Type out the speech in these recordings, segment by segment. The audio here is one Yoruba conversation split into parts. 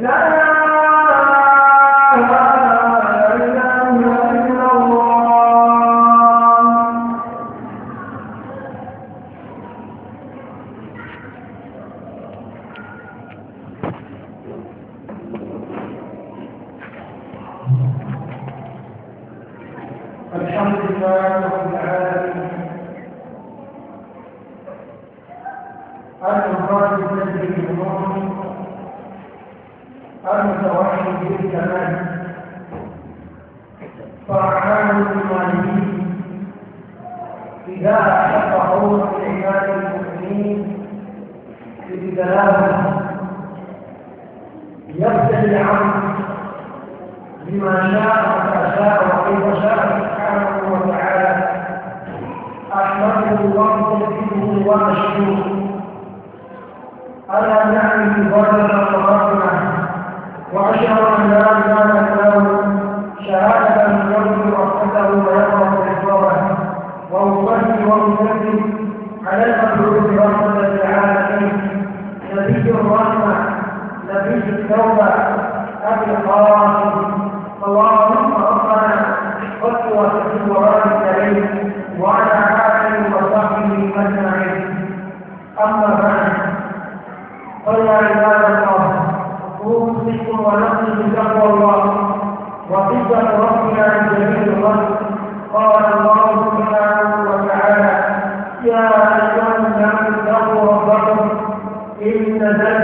لا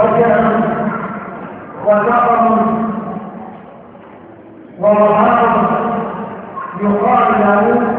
وجهل وسقط ووهاب يقال له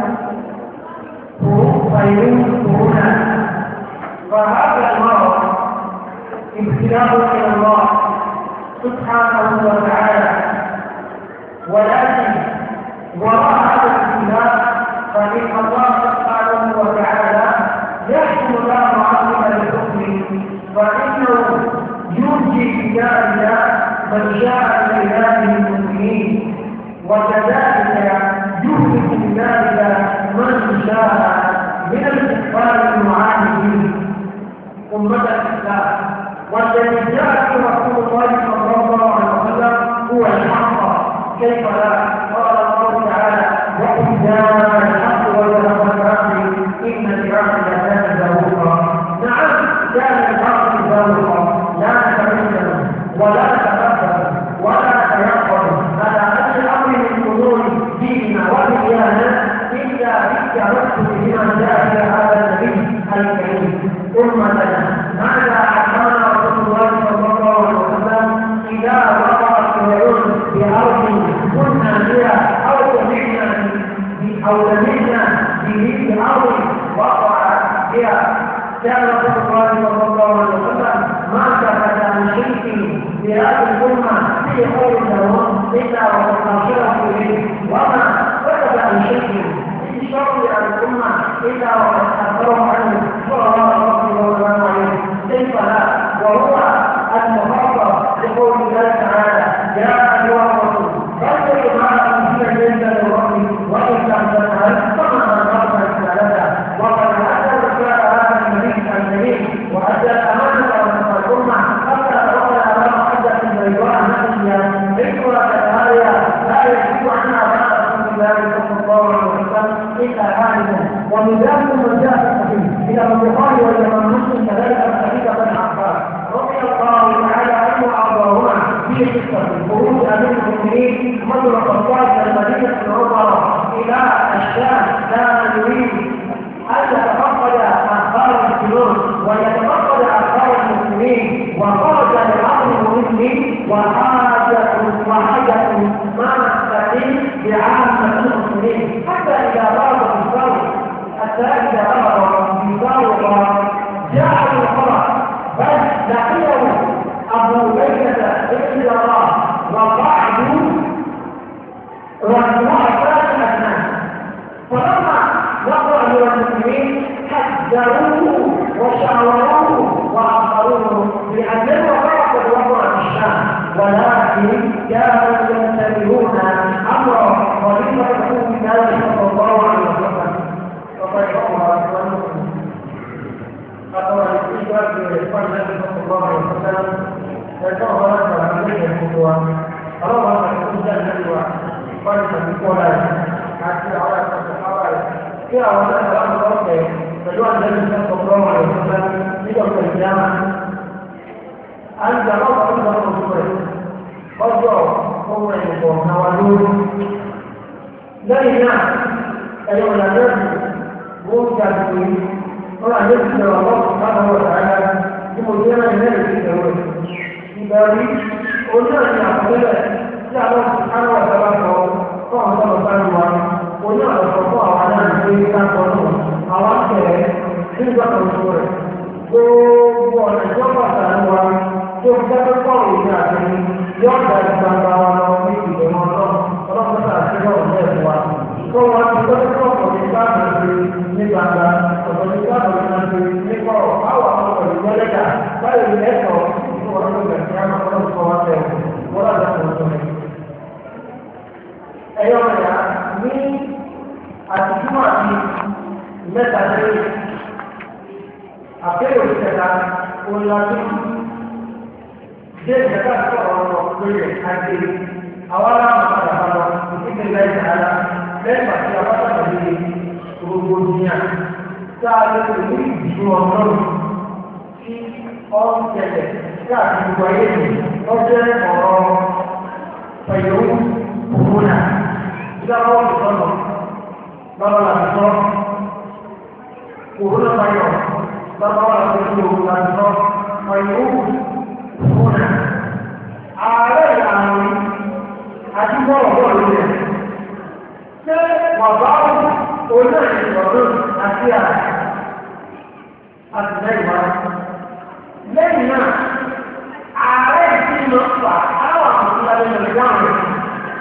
كان رسول الله صلى الله عليه وسلم ما سكت عن شرك لهذه الامه في خير لهم الا وقد اشركوا به ẹ̀kọ́ ọ̀pọ̀lọpọ̀ àwọn ilé ẹ̀kọ́ wa yìí ó jẹ́ ọ̀rọ̀ pẹ̀lú òmùnà ìdáwọ́ ìtọ́nà lọ́wọ́ làtọ́ òmùnà payọ̀ lọ́wọ́ làtọ́ làtọ́ pẹ̀lú òmùnà ààrẹ ìlànà àti bọ́ọ̀lù bọ́ọ̀lù rẹ̀ ṣé bàbá òun náà ìrọ̀lú àti ààrẹ àti lẹ́yìn wa lẹ́yìn náà ló ń fà àwọn àkùnrin alẹ́ lọ dáhùn rẹ̀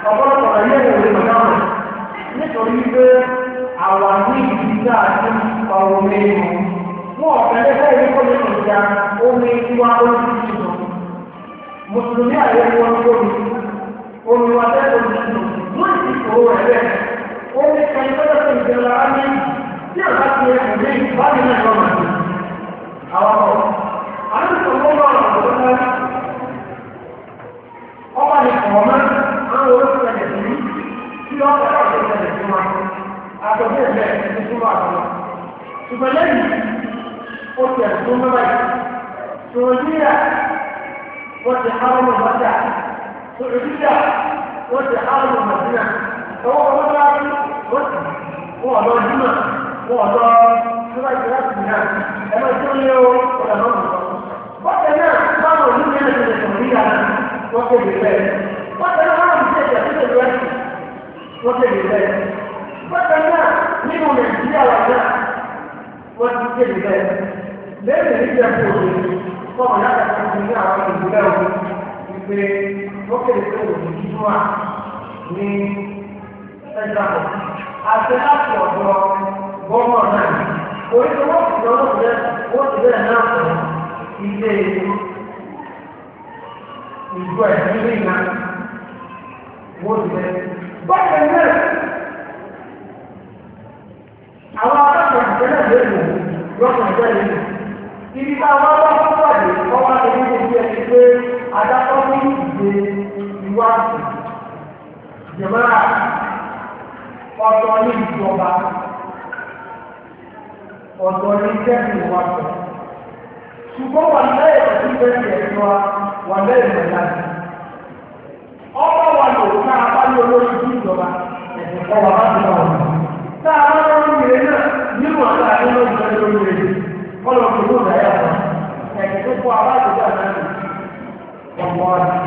ọ̀pọ̀lọpọ̀ ayé rẹ̀ lè mọ̀ dáhùn rẹ̀ nítorí pé àwa ní ìdíjà àti ọ̀rọ̀ mẹ́rin wọn ọ̀fẹ́ lẹ́fẹ́ ìlú kọ́lé ìjà omi wá olùsíjì lọ mùsùlùmí àyẹ̀ wọn lórí omi wá lẹ́fẹ́ olùsíjì lọ wọ́n ti kòwò rẹ̀ bẹ́ẹ̀ omi kan lọ́dọ̀ ìjọba á ní tí àbá ti rẹ̀ kò ní ìbámu náà lọ́mọdé àwọn ọmọ àdúgbò kọ́ lọ́rọ̀ ọ̀dọ́ náà ọba ní kọ̀ọ̀mọ́ àwọn olóṣèlú ẹ̀jẹ̀ sí ní kí wọ́n fẹ́ ọ̀ṣẹ́ ìṣẹ̀lẹ̀ sí wọn àtọ̀bí ẹ̀jẹ̀ ní súnmọ́ àtọ̀mọ́ ṣùgbọ́n lẹ́yìn ó ti ẹ̀sùn tó mẹ́rẹ̀ sòròdíyà wọ́n ti hárùn mọ́tà sòròdíyà wọ́n ti hárùn mọ́tà ọwọ́ ọlọ́dọ́ wọ́n ti wọ́n ọ̀dọ́ jùmọ̀ wọ́n ọ̀dọ́ síwájú láti nà ẹ̀mọ́ tó lé o ọ̀dọ̀ náà bọ́tẹ̀ náà báwo ní ìyẹn lè tẹ̀lé sòròdíyà náà wọ́n kéde bẹ́ẹ̀. wọ́n tẹ̀lé wọn àwọn ìṣẹ̀lẹ̀ àtúntò ìlú ẹ̀sìn wọ́n kéde bẹ́ẹ̀. wọ́n tẹ̀lé náà nínú nàìjíríà wà náà wọ́n ti kéde bẹ́ẹ̀. lẹ́yìn ìjẹ́ kó o kọ́ ọ̀nà àtàkùn ní àwọn ìgbìlẹ̀ òkú wípé wọ́n kéde pé òkú nínú à ní ẹ̀dàpọ̀. àti láti ọ̀dọ̀ gọ́ọ̀mọ̀ náà orí owó ìjọba ìjọba ìjọba náà ilé ìlú gbogbo ẹ̀ nínú ìlà wọ́n ti bẹ́ẹ̀. bákan náà àwọn akẹ́kọ̀ọ́ ìṣẹ̀lẹ̀ lẹ́nu lọ́kàn ìṣẹ̀lẹ̀ lẹ́nu ibi tá a wá wá fún pàdé ọwọ́ àtẹ̀yìn tó fi ẹni pé adájọ́ ní ìdè ìwádìí jẹ̀mọ́ra ọ̀tọ̀ ní ìjọba ọ̀tọ̀ ní kẹ́kì ìwádìí ṣùgbọ́n wà lẹ́yìn ọ̀tún bẹ́ẹ̀ ẹ̀ṣọ́ wà lẹ́yìn ọ̀tún ọba wa lò ká abáyé olórí bí ìjọba ẹ̀sìn ọba wọn. tá a bá wọn yèrè náà nínú àti àdéhùn ìjọba lórí rẹ̀ kọ́lọ̀ tó ló dà yà wọn. ẹ̀sìn tó kọ abáyé ìjọba náà ọmọ rẹ̀.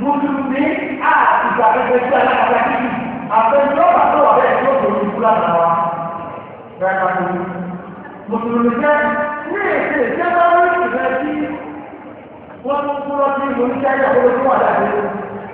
mùsùlùmí á ìgbà pẹpẹ sí alákàtà kìkì àfẹnudọ́gba tó wà bẹ́ẹ̀ tó tó ní kúlà náà wa. mùsùlùmí jẹ́ ní èsì ìjẹ́ bá rí ìrẹsì wọ́n tún kúrọ́ sí ìmúlíṣẹ́ ìjọba tó wà dáadé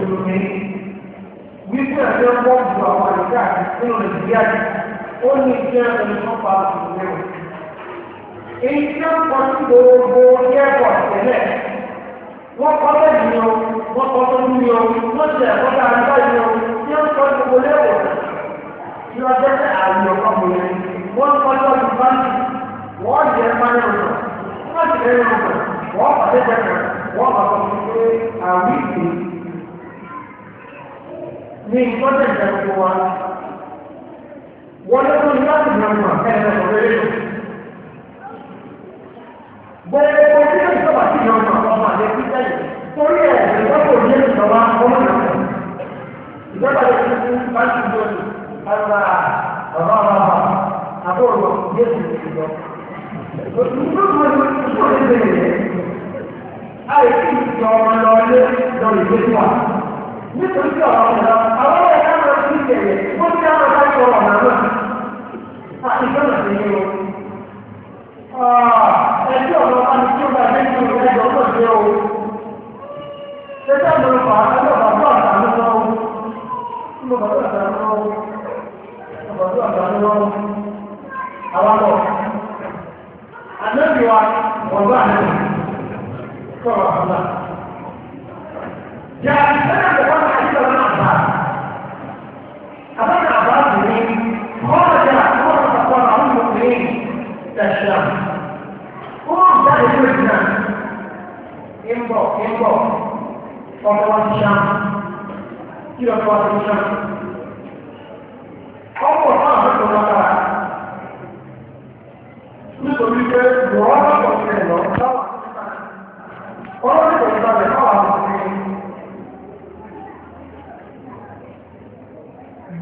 mùsùlùmí wípé ẹ̀jẹ̀ pọ̀ ju àwọn àyíká nínú nàìjíríà ó ní jẹ́ ẹnìkan pa mùsùlùmí o. èyí tí wọ́n kọ́ sí gbogbo ẹ̀kọ́ tẹ̀lẹ̀ wọ́n kọ́ lẹ́yìn o.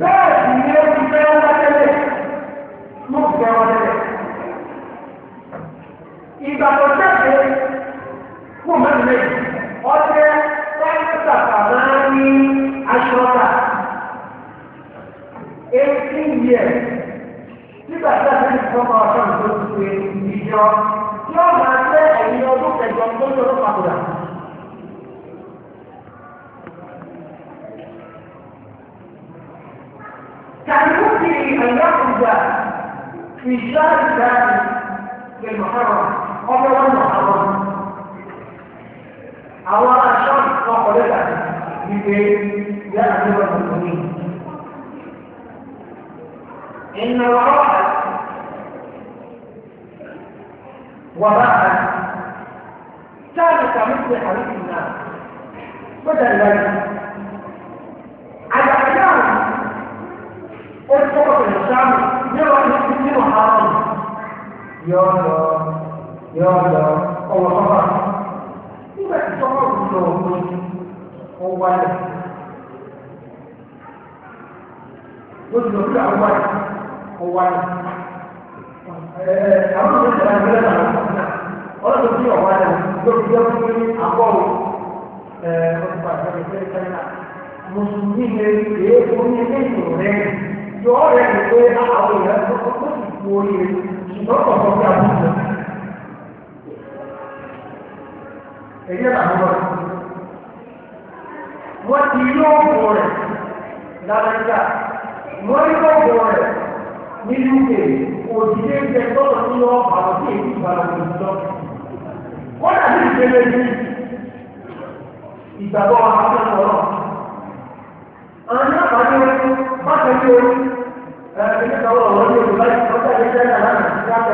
bẹ́ẹ̀ béèrè òṣìṣẹ́ ń bẹ tọ́lọ̀ sí ọ àwọn tí èyí ìbára ní ìjọ. Kọ́dà ní ìpele ní ìgbàgbọ́ akẹ́kọ̀ọ́ náà. Àwọn ní àbájọ bá tẹ̀lé orí ẹ̀ẹ́dẹ́gbẹ̀rún ọ̀rọ̀ ní òṣèlú láti ọjọ́ ìgbẹ́jẹ́ náà láti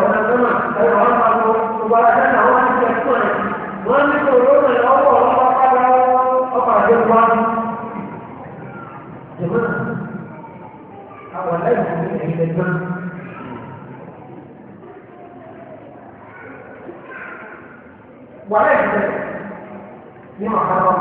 وليس لما حرم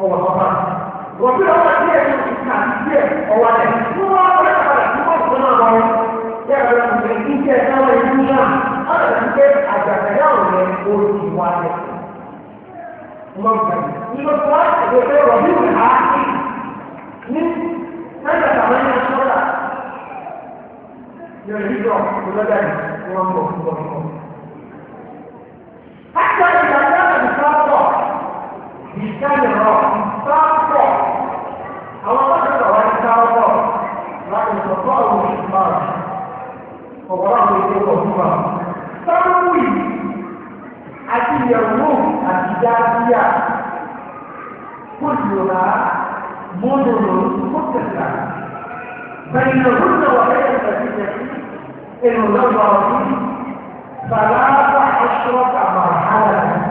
هو الخطأ وفي الأمر هي الإسلام هي هو ليس هو ولا خلق هو الصنع ضرور يا رب إن كان هو يجوز أنا أنكر أتكلم من قول واحد ممكن إذا قلت يقول ربيع العاقل من ماذا تعمل الصلاة يريد أن يبدأ ينظر كان إذا كان بساطة بلسان الرب بساطة الله تكتب عن بساطة لكن استطاعوا الإخراج فوراه يقول هما سموي أتي يوم أتجابيا كلنا مدن متسع بينهن وبين الذين إن نظر فيه ثلاث عشرة مرحلة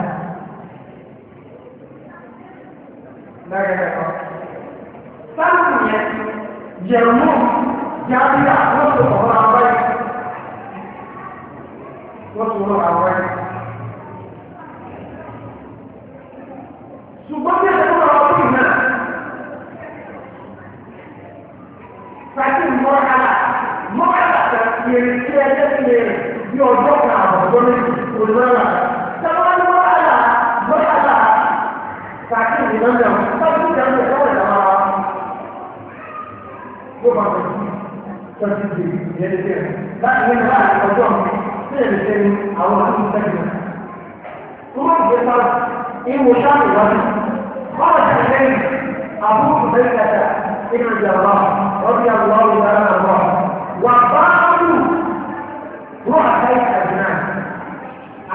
لا يدرك ثانيا يرمون جابر وصوره عوين وصوره عوين سبحان ìyẹn lè láti wíwá láti ọjọ́ tí èmi ṣe ní àwọn àti ìtẹ́jú. Wọ́n ti gbé sáà ìwò sáàmì wájú. Wọ́n ti ṣe lẹ́yìn àbúrò lẹ́yìn kẹta nínú ìjàmbá ọdún yàgbọ́ ọdún yàrá àbọ̀. Wà bá lù wọ́n àtẹ́ ìtàgé náà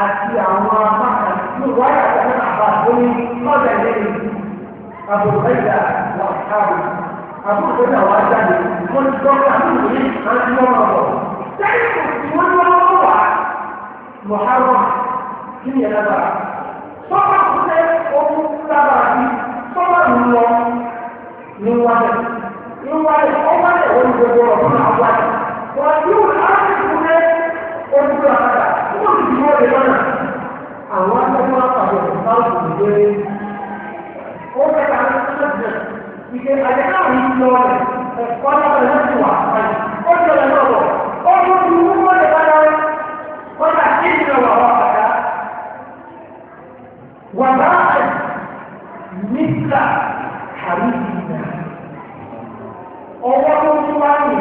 àti àwọn apáta ní wáyà àtẹ́ná àbá tó ní ọjà lẹ́yìn àbúrò lẹ́yìn wà sáàmì àbúrò náà jáde wọ́n ti gbọ́ pé àbúrò yìí máa ń lọ́wọ́ bọ̀. sẹ́yìn kò wọ́n lọ́wọ́ wá mọ̀hárọ̀ kí ni ẹ̀rọ bá sọ́kà kò sẹ́ ohun lábàá bí sọ́kà ń lọ ní wálẹ̀ ní wálẹ̀ ọ̀wálẹ̀ òun gbogbo ọ̀tún náà wálẹ̀ wọ́n yóò láti kú lé ojú àkàtà wọ́n ti dúró lé lọ́nà àwọn akẹ́kọ̀ọ́ àpapọ̀ ìfáwọ̀ ìgbé ó fẹ́ ká ní sọ́kà ìgbé àjẹkáwì lọ́rẹ̀ ẹ̀kọ́ lọ́rẹ̀ lọ́sì wà báyìí ó jọlẹ̀ lọ́wọ́ ó ló ti mú mọ́lẹ̀ bá lọ́rẹ̀ wọ́n dà sí ìṣẹ̀lẹ̀ wà wà bàtà wà bá nígbà àrí ìgbà ọwọ́ tó tún wá ní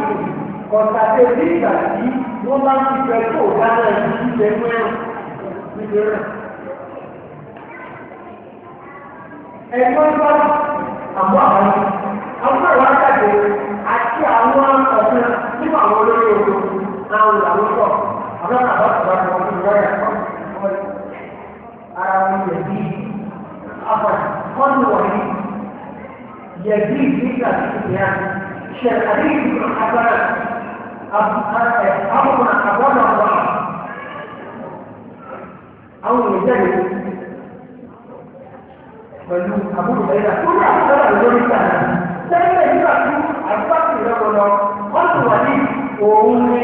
máa ń lò àwọn pọ̀ àbẹ́rẹ́ àbọ̀tọ̀ bá wọn ní wọ́n yà pọ̀ ara wọn yẹ bí àbọ̀tọ̀ wọ́n ní wọ̀nyí yẹ bí nígbà tí kò yá ṣe àdéhùn agbára àwọn àbọ̀tọ̀ wà àwọn èèyàn jáde pẹ̀lú àbúrò ẹ̀yà tó ní àbúrò lórí ìtàlá sẹ́yìn nígbà tí àbúrò ìrẹ́wọ̀n lọ wọ́n ti wà ní òun ní.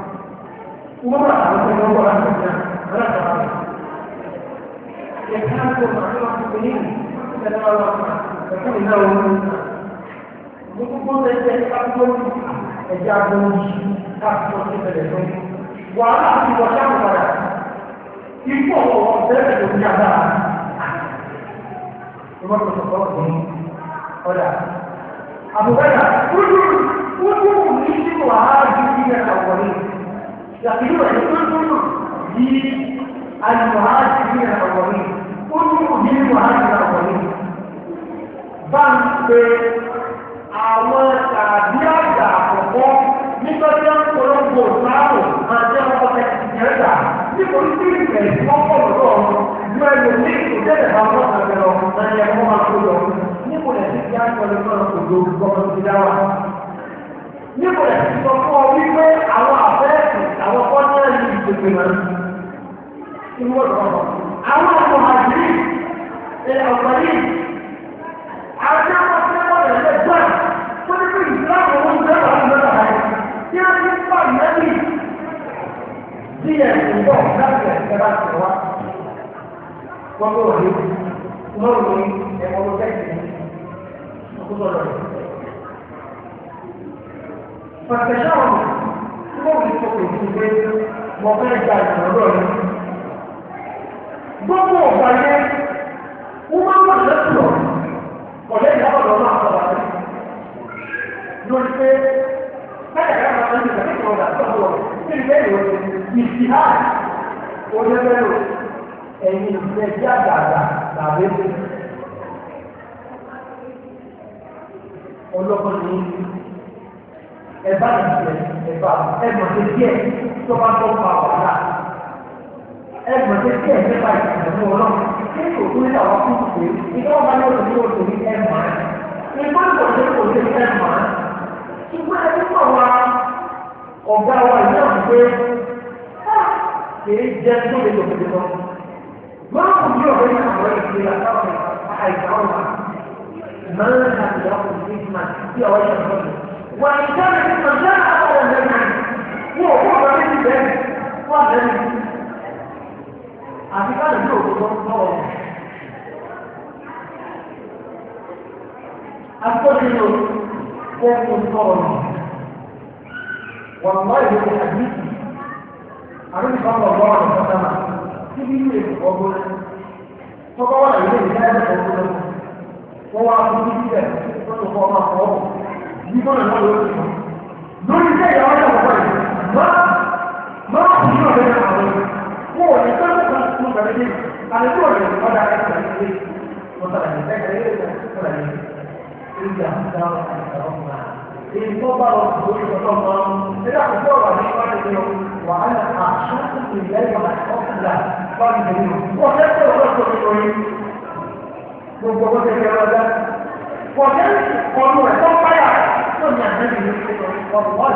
Umar àwọn ìlà òun. Mo kúkú ń ní àgbà. Ìwọ́n tó sọ̀tọ̀ ní يقيموا يقيموا للمهاجرين الأولين قلوا للمهاجرين الأولين بانك àwọn tàbí àgbà àkọ́kọ́ nígbà tí wọ́n polongo sáàrò máa jẹ́ ọkọ̀ tẹ̀sí jẹ́ta nítorí tí ìgbẹ̀ ìfọ́pọ̀ lọ́wọ́ ju ẹgbẹ̀ ní ìdẹ́rẹ̀ bá wọ́n àgbẹ̀ lọ láti ẹ̀kọ́ máa tó lọ níbo lẹ̀ sí kí á sọ lọ́wọ́ kò lórúkọ ọmọ ti dá wa níbo lẹ̀ sí wípé àwọn gbogbo ìmọ̀ ní wọ́n lọ́wọ́. Àwọn ọmọ àjírí ẹ ọ̀pọ̀ yìí. Àwọn tí wọ́n ti wọ́n rẹ̀ lọ gbà fún ní bí ìsìláàmù wọn jẹ́ ọ̀rọ̀ lọ́wọ́ rẹ̀. Tí wọ́n ti pa mẹ́bí bí ẹ̀ ń bọ̀ láti ẹ̀ṣẹ̀ bá ti wá. Wọ́n bọ̀ wọlé. Wọ́n rò ní ẹ̀wọ̀n ló fẹ́ẹ̀ sí. Ọkùnrin ọ̀rọ̀ rẹ̀. Pàṣẹ sáwọn tí wọ́n wù ní kókò ìdílé mo fẹ́ gba ìrànlọ́dọ̀ rẹ. gbogbo ọ̀gbà yẹn wọ́n máa ń wà lẹ́kùrọ̀ ọ̀lẹ́ ìdábọ̀dọ̀ máa sọ wà lẹ́yìn. lórí pé bẹ́ẹ̀ ká máa ń lè kẹ́kọ̀ọ́ ọ̀dà tó lọ sí ilé ìwòsàn ìsìhá onífẹ́lò ẹ̀yìn ìfẹ́ bí àgbààgbà làwọn èso. ọlọ́kọ̀ ni ẹ̀bá ìṣẹ̀ ẹ̀bá ẹ̀mọ̀tẹ́ díẹ̀ tó bá tó pa wàhálà ẹ̀mọ̀tẹ́ díẹ̀ nípa ìṣẹ̀lẹ̀ ọlọ́run kí kò tó ní àwọn kúkú pé ìgbà wọn bá ní oṣù tó tó ní ẹ̀mọ̀ ẹ̀ ìgbà tó tó kò tó ní ẹ̀mọ̀ ẹ̀ ṣùgbọ́n ẹni pọ̀ wá ọ̀gá wa ìyá mi pé kìí jẹ́ tó lè tó fi lọ. Máa kò ní ọ̀rẹ́ ní àwọn ìṣẹ̀lẹ̀ àtàwọn àìsàn ọ̀nà máa ń ṣàtìlọ́kùn sí ìgbà tí ọ̀rẹ́ ìṣẹ̀lẹ̀ وإن كانت قد لا أبدا لنا هو هو من ذلك قال لنا àfikà lè lò ó lọ́wọ́ akpọ́nìyàn kókó sọ̀rọ̀ nù wọ́n lọ́ ìlú àdìsí àdìsíkà wọ́n lọ́wọ́ rẹ̀ sọ́tàmà tí bí ilé ìfọ̀ ọgbọ́n tọ́kọ́ wà ní ilé ìgbọ́nà náà ló ti mọ̀. lórí iṣẹ́ ìyàwó yà wọ́pọ̀ yìí máa máa kù ní ọ̀rẹ́ náà wọ́n kó o ní sọ́dọ̀ kan fún ọ̀rẹ́ yìí àti kó o lè kọ́ da ẹ̀ sọ̀rọ̀ yìí wọ́n sọ̀rọ̀ yìí ẹ̀ka yìí ní àtẹ́bí ní ọ̀pọ̀ ọ̀pọ̀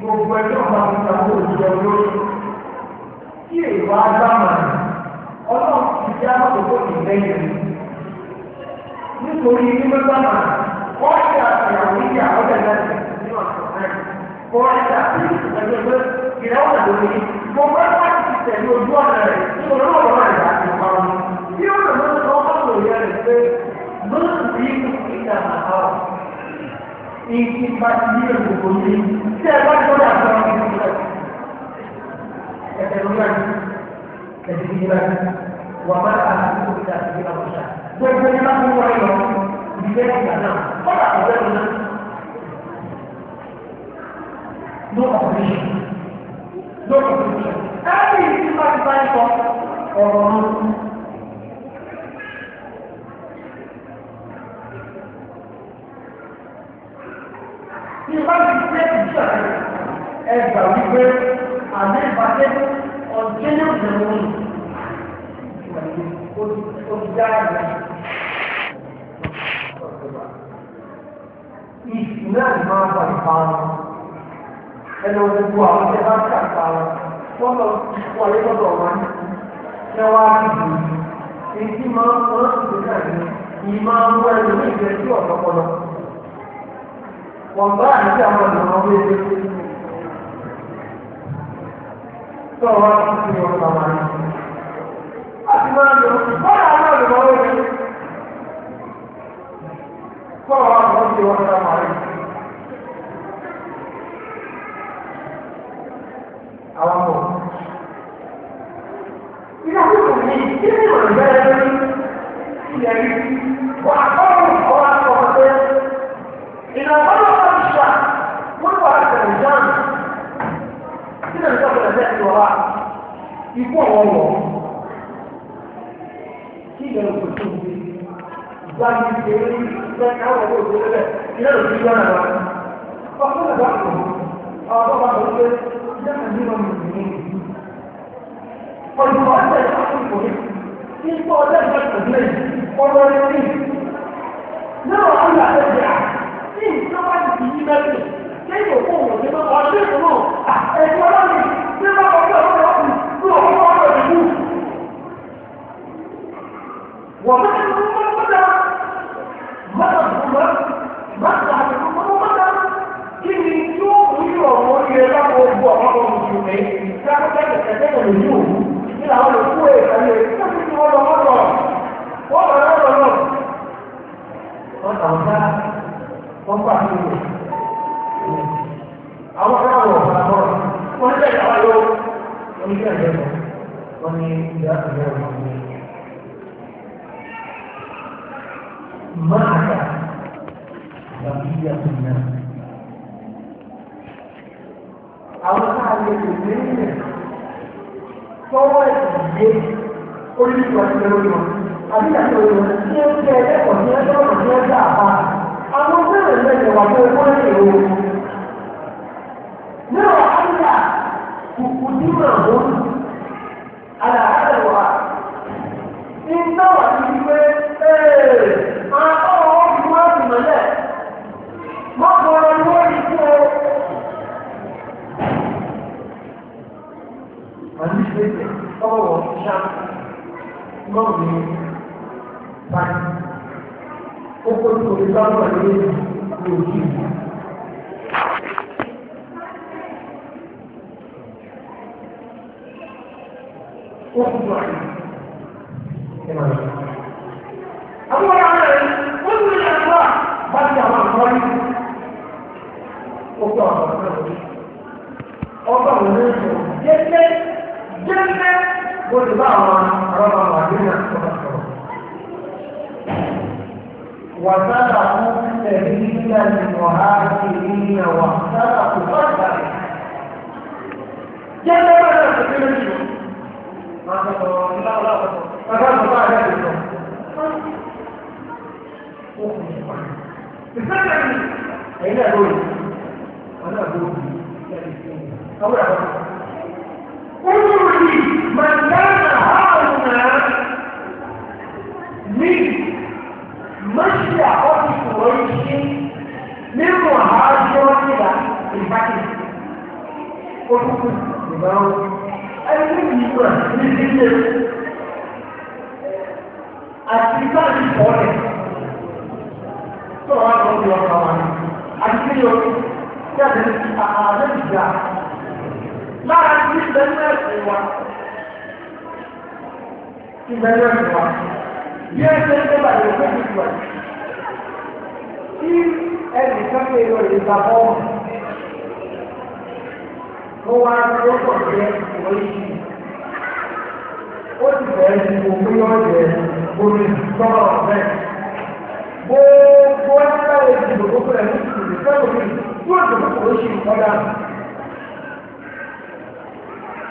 Gbogbo ẹjọ́ máa ń ta owó lórí. Kí èèwọ̀ agbámọ̀ ọlọ́run ti dá àkókò ìgbẹ́yìn nítorí nígbà sábà kọ́ọ̀ṣà ìyàwó ìyá ọ̀dẹ̀ lẹ́sẹ̀ nínú àkọsílẹ̀ nínú olóòwò náà ìgbà àti ìpamọ́ bí ó lè mú ọmọ òye rẹ̀ pé lóṣù tí ìgbà àmà ìdí bá ti ní ìgbòho ní tí ẹ bá tó dà sọ ọ́ nípa ẹ̀ẹ́dẹ̀rún náà ẹ̀ẹ́dẹ̀rún náà wà má àti gbogbo ní bá ti wọ ẹ lọ ìgbẹ́ ìgbà náà ó bá ọ̀rẹ́ mi náà no operation no operation ẹni tí bá ti bá ń sọ ọ̀rọ̀ náà. Ìgbà tí ṣe ìṣe ẹgbà wípé àmì ìbáṣe ọ̀jẹ́ náà jẹun ó ti dára. náà ní máa wà nípa wọn ẹni wọn gbogbo àwọn tẹ bá kà pa wọn wọn lọ wà lọ́dọ̀ wọn ṣé wá dìbò èyí máa ń wọ́n sì lè náà ní ìmọ̀ àwọn ẹni ní ìgbẹ́ sí ọ̀pọ̀lọpọ̀ wọ́n bá àti àwọn ọ̀nà wọn wé lé tó wọ́n ti fi ọ̀pọ̀ wọn àti máa lọ bọ́lá àwọn ọ̀nà wọn wé lé tó wọ́n ti fi ọ̀pọ̀ wọn. àwọn ọmọ. Ìgbà tí kò ní kí ni ìwọ̀n bẹ́ẹ̀ lórí ilẹ̀ yìí, wà á kọ́ ọ̀rọ̀ àkọ́ pé ìlà ọ̀rọ̀ ọ̀rọ̀ ti ṣà wọ́n wà á tẹ̀lé John. Kí ni ìjọba ìrẹsẹ̀ ti wọ̀ wá? Ikú ọ̀wọ́ wọ̀. Kí ni ìjọba ìrẹsẹ̀ ti wọ̀ Ìgbà tí kò ní ìjọba ìrẹsẹ̀ ti wọ̀ wá? Ìlà ọ̀rọ̀ ti wọ̀ wá. Ọ̀pọ̀ وسلم من المؤمنين فالمؤدى يحقق به في مؤدى يحقق به والمؤمنين نرى أن ترجع في طبعا في إيمانه كيف يقوم بما تعشيق له أحسن بما قد ومع orí ìgbà tí ó lọ. Àbí àti òyìnbó tí ó ń jẹ ẹlẹ́kọ̀ọ́ tí ó ń sọ̀rọ̀ tí ó ń dà pa. Àwọn ọmọ ìrẹ̀lẹ̀ ìjọba tó ń ìròyìn. àwọn arọ́mọ màdínà tó bá sọ̀rọ̀. Wàtàkà fún tẹ̀lé nígbà tí wọ́n á ti rí ní ọ̀wà. Wàtàkà kò bá ìgbàlè. Jẹ́ ẹgbẹ́ bá yàtọ̀ sí lórí ìlú. Máa sọ̀rọ̀ nígbà wọ́n láwọn sọ̀rọ̀. Bàbá mi bá yàtọ̀ sọ̀rọ̀. Ìfẹ́ mi, ẹ̀yin náà lórí, ọ̀nà àgbò òbí, ẹ̀yin náà lórí. gbà lára ní ìbẹ̀rù ẹ̀sìn wa ìbẹ̀rù ẹ̀sìn wa bí ẹ ṣe ń gbé bàjẹ́ òkú ìlú tí ẹnì kan lè ìgbà bọ́ọ̀mù ó wá ló pọ̀ jẹ́ oríṣi ó ti bẹ̀rẹ̀ sí òkú yọ̀ọ̀jẹ̀ orí tọ́lọ̀ ọ̀fẹ́ gbogbo ẹgbẹ́ ìdìbò gbogbo ẹ̀ ìdìbò tó lò ní yóò dìbò kò ó ṣe ìkọ́dà.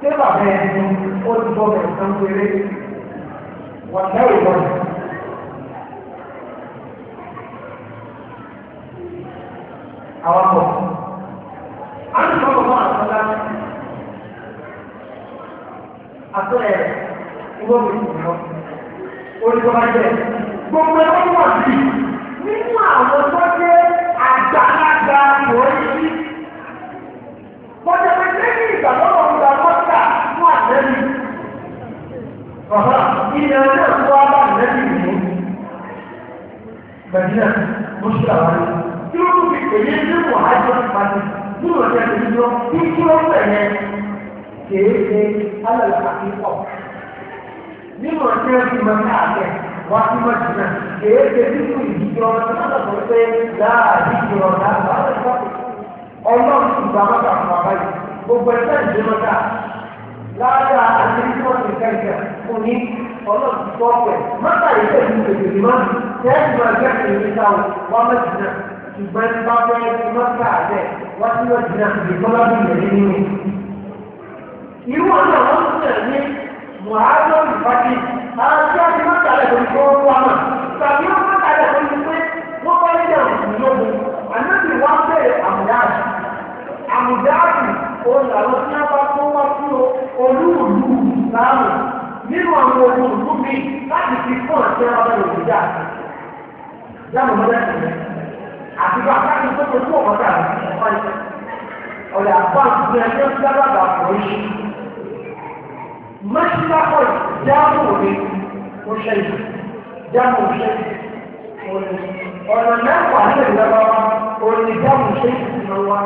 ṣé bàbá ẹni ó ti bọ́ bẹ̀rẹ̀ tán péré wọ́n tẹ́ ìwọ́n. àwọn ọmọ àti ọmọ àtọ́lá àtọ́lẹ̀ ìwọ́n mi kù lọ oríṣiríṣi ọjọ́ gbogbo ẹgbẹ́ wà sí nínú àwọn tó ṣe àgbàlagbà lórí. fẹ̀mílẹ̀ mọ́ṣúlá wa ni kí ló tún fi èyí ní wàhálà pàtó ní ìrọ̀lẹ́ ìdíjọ́ kí kí ó bẹ̀rẹ̀ kèé ṣe alẹ́ àkíkọ̀ nínú ọ̀sẹ̀ ẹ̀sìn máa ní àgbẹ̀ wá sí mọ́jìnà kèé ṣe nínú ìdíjọ́ lọ́sọ̀tọ̀ pé láàrin ìrọ̀ láàbà ọlọ́run ti gba mọ́tà fún wa báyìí gbogbo ẹgbẹ́ ìdíjọ́ mọ́tà láàrin àti ìdíjọ́ ìkẹ́kẹ́ òní ọlọ́run ti tọ́ ọ̀pẹ̀ mọ́tà yìí tẹ̀lé ní gbèdéke mọ́ tẹ́lẹ̀ máa jẹ́ èyí ká o wọ́n mẹ́tì náà ṣùgbọ́n ẹni bá fẹ́ ti mọ́tà àbẹ̀ wọ́n ti mọ́tì náà lè kọ́ bá bí ìrẹ̀lẹ̀ nínú. irú ọ̀nà wọn tún tẹ̀ ní mùhàmọ́ ìfàdí àti àti mọ́tà rẹ̀ lórí kọ́ wọ́n mọ̀ tàbí wọ́n òun làwọn tí àti ọba lè fi dá dáàmú mọ́lá sí i àti bá káàkiri tó tó tó ọ̀kọ́ta ọ̀lẹ́ àpá àti ẹgbẹ́ sábàbà pọ̀ yìí mọ́ṣílá pọ̀ dáàmú òde ó ṣe yìí dáàmú ṣe ọ̀nà mẹ́fà ní ìlọ́wọ́ òní dáàmú ṣe ìlọ́wọ́.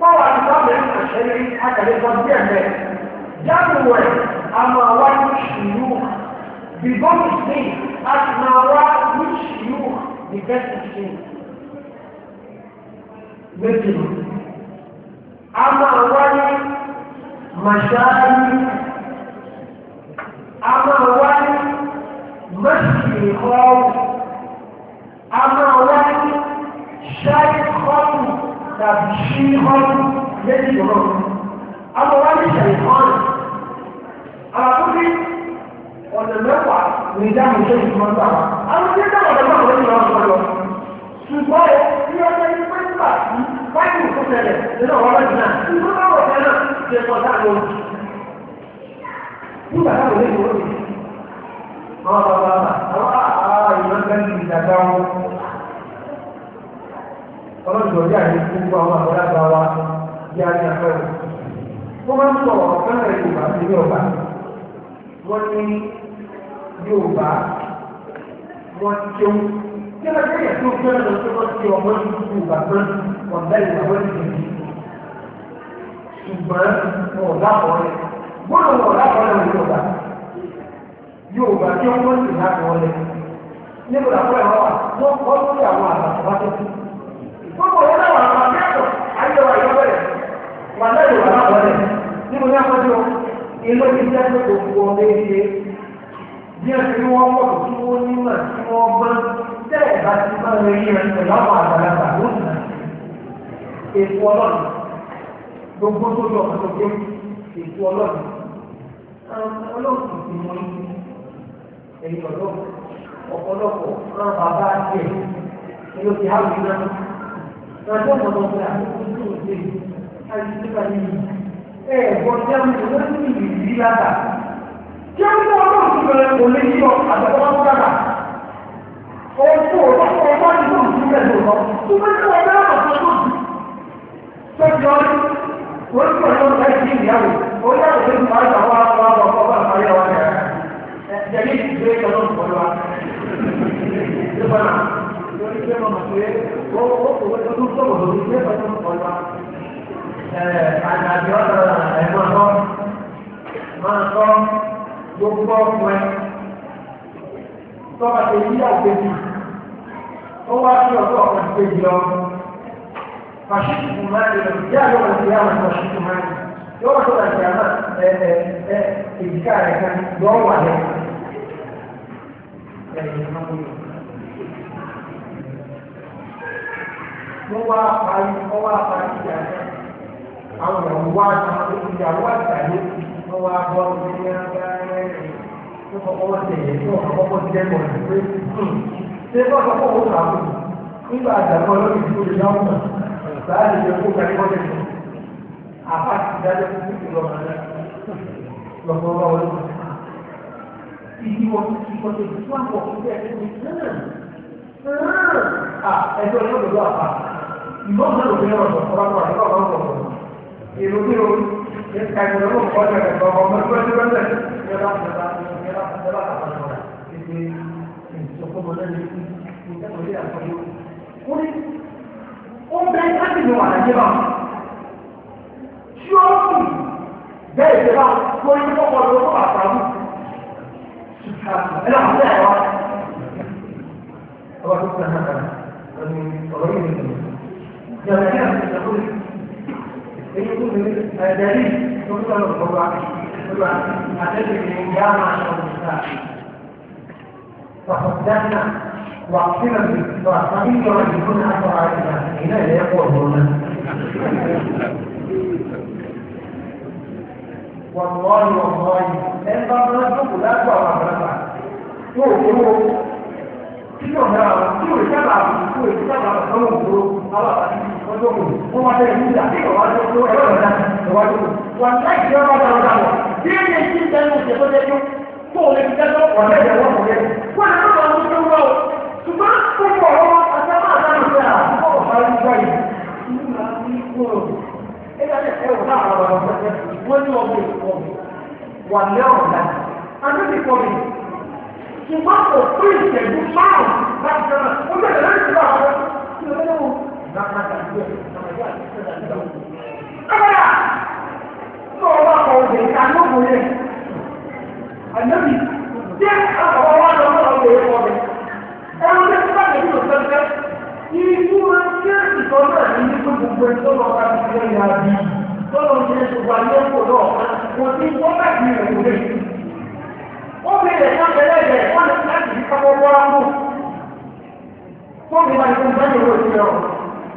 Báwo ni báwo ni àṣẹ ní àtàlẹ́kọ̀ọ́ díẹ̀ bẹ́ẹ̀? a máa wá ní ṣìlú before we sin a sì máa wá ní ṣìlú the best of sin méjì lọ a máa wá ní màṣááyí a máa wá ní mẹ́sìlì ọ̀rọ̀ a máa wá ní ṣáì kọ́ọ̀tù tàbí ṣí kọ́ọ̀tù méjì lọ a wá ní ṣàìkọ́ọ̀tù àkókò ọ̀dẹ̀ ní ìdáhùn iṣẹ́ ìtumọ̀ ń tàwa àwọn tí ó dá ọ̀dẹ̀ lọ ṣùgbọ́n ẹ ní ọjọ́ ní pẹ́ńtà sí báyìí òkú tẹ̀lẹ̀ nínú ọ̀rọ̀ ọ̀dẹ̀ náà ṣùgbọ́n báwo ọ̀dẹ̀ náà ṣe kọ́ dá lọ nígbà táwọn olóyè wọ́n ti bàbá àwọn àwọn ìmọ̀gbẹ́ ní ìdàgbà wọn ọlọ́dún ọjà ní gbogbo àwọn àgbàlagbà wa bí ní afẹ́rù wọ́n máa ń sọ̀rọ̀ fẹ́rẹ̀ ìgbà nílé ọ̀gbà wọ́n ní Yorùbá wọ́n jẹun tí a jẹ́ ìyàtọ̀ fẹ́ lọ sí wọ́n ti ọmọ ìlú bàbá ọ̀dà ìyàwó ìdìbò ṣùgbọ́n wọn ò lábọ̀ rẹ̀ gbọ́dọ̀ wọn ò lábọ̀ rẹ̀ Yorùbá Yorùbá tí wọ́n sì lábọ̀ rẹ̀ níbo làwọn ẹ̀rọ wà wọ́n kọ́ lórí àwọn àbàtàbà tó kù wọ́n kọ̀ wọ́n náà wà àwọn akẹ́kọ̀ọ́ ayélujára ilé iṣẹ́ tó gbogbo ọmọ ilé díẹ̀ tí wọ́n mọ̀ tí wọ́n nímọ̀ tí wọ́n gbọ́n tẹ́ẹ̀ bá ti máa ń rí ẹni pẹ̀lú àwọn àgbàlagbà lónìí ètò ọlọ́run gbogbo tó lọ tó ètò ọlọ́run ọlọ́run ti mọ ẹ̀yìn ọ̀dọ́ ọ̀pọ̀lọpọ̀ náà bàbá tiẹ̀ ẹ̀yọ ti hàwé náà náà tó mọ̀ lọ́wọ́ àti tó tó tó ṣe àyè tó bá yẹ ẹ̀gbọ́n jẹ́mu wọ́n sì lè rí lára. Tí ó ń bọ̀ náà ti bẹ̀rẹ̀ kò lè yí ọ àtẹ̀wọ́n mú lára. Ojú ọ̀dọ́ fún ọmọ ìlú òṣù rẹ̀ lọ́wọ́. Tó bá tí wọ́n bá wà fún ọdún. Tó jọ wọ́n ti wọ́n lọ́wọ́ láì sí ìyàwó. Ó yàgò pé kí wọ́n àwọn àwọn àwọn ọkọ̀ bá parí ọwọ́ rẹ̀. Ẹ̀jẹ̀ ní ìgbé ìjọ náà pọ̀ lọ́wọ́. Ìjọba náà, lórí pé mọ̀ mọ̀ pé ó kò wọ́n tó tó sọ̀rọ̀ lórí pé àjàjọ ẹ̀gbọ́n kọ́ máa kọ́ gbogbo ọkùnrin tọ́ba ti yí àgbèjì ó wá sí ọ̀dọ́ ọ̀kan kejì lọ fàṣítì fún máa ń lò yá yóò wọ́n ti yá wọn fàṣítì fún máa ń lò yóò wọ́n tó ta ìyá náà ẹ ẹ ẹ èjìká rẹ̀ kan lọ́ọ́ wà lẹ́yìn ẹ̀yìn náà wọ́n yóò. wọ́n wá parí wọ́n wá parí ìyá náà àwọn ìyàwó wá àtàwọn ìyàwó àtàyè wọn wá bọ́ ní abẹ́rẹ́ tó kọ́kọ́ wọ́n tẹ̀ yẹ tó kọ́kọ́ jẹ́ bọ̀ ní pé hmm, ṣé bọ́ sọ́kọ́ wọ́n kà á nígbà àdàpọ̀ lórí ìdúró yàwó sáà lè yẹ kó kàrí wọ́n tẹ̀ àpá ti dájọ́ fún ìlọ lọ́pọ̀ ọba wọlé wọn. Ìdí wọn ti kọ́ tó tó àpọ̀ fún bẹ́ẹ̀ tó ní náà. À ẹjọ́ yóò lọ àpá. Ìmọ̀ náà ló fẹ́ ọ̀dọ̀ ọ̀pọ̀lọpọ̀ àti ọ̀pọ̀lọpọ̀ ọ̀pọ̀lọpọ̀ ìlú bí ọ̀rọ̀ yìí ni ìjọba ìjọba èyí tó lè ẹ̀ẹ́dẹ́rì tó ń sọ̀rọ̀ fún wa fún wa àtẹ́tẹ̀lẹ̀ ìyá máa sọ nípa wàhùdánà wà fún ẹ̀mí wà fún ìjọba ìlú náà sọ ara ìgbà ìlú ẹ̀yẹ pọ̀ lọ náà tí yóò dára wọn tí yóò dára wọn ní ọmọ ìkọ́mi ṣùgbọ́n kò fún ìṣẹ́jú márùn-ún láti jẹ́ náà ó bẹ̀rẹ̀ láti ṣe àwọn ọ̀rọ̀ tí ó lọ́wọ́ nàkàtà ìgbẹ́ nàkàtà ìgbẹ́ nàkàtà Tọ́lọ́ ń ṣe ṣùgbọ́n ní ọkọ̀ náà, kò sí wọ́n bá ti kọ́kọ́ wá mú fóònù máa ń fún bẹ́ẹ̀ ló ti lọ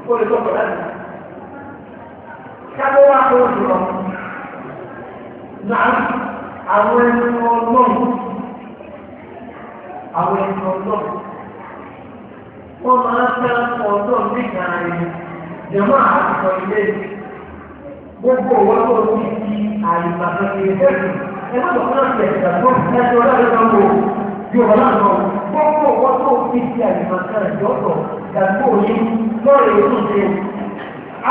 kó lè tó pẹ̀lú àná kọ́kọ́ wá kó lè lọ náà àwọn ẹni ọlọ́run àwọn ẹni ọlọ́run wọ́n máa ń fẹ́ ọ̀dọ́ nígbà rẹ̀ jẹ̀mọ́ àtọ̀ ilé gbogbo wọn tó ti di àyùbá kan kiri fẹ́ẹ̀kì ẹ má lọ fún àti fi ti àyùmọ̀ kan ìjọ́tọ̀ tàbí òye lọ́rẹ̀ ètò ṣe o.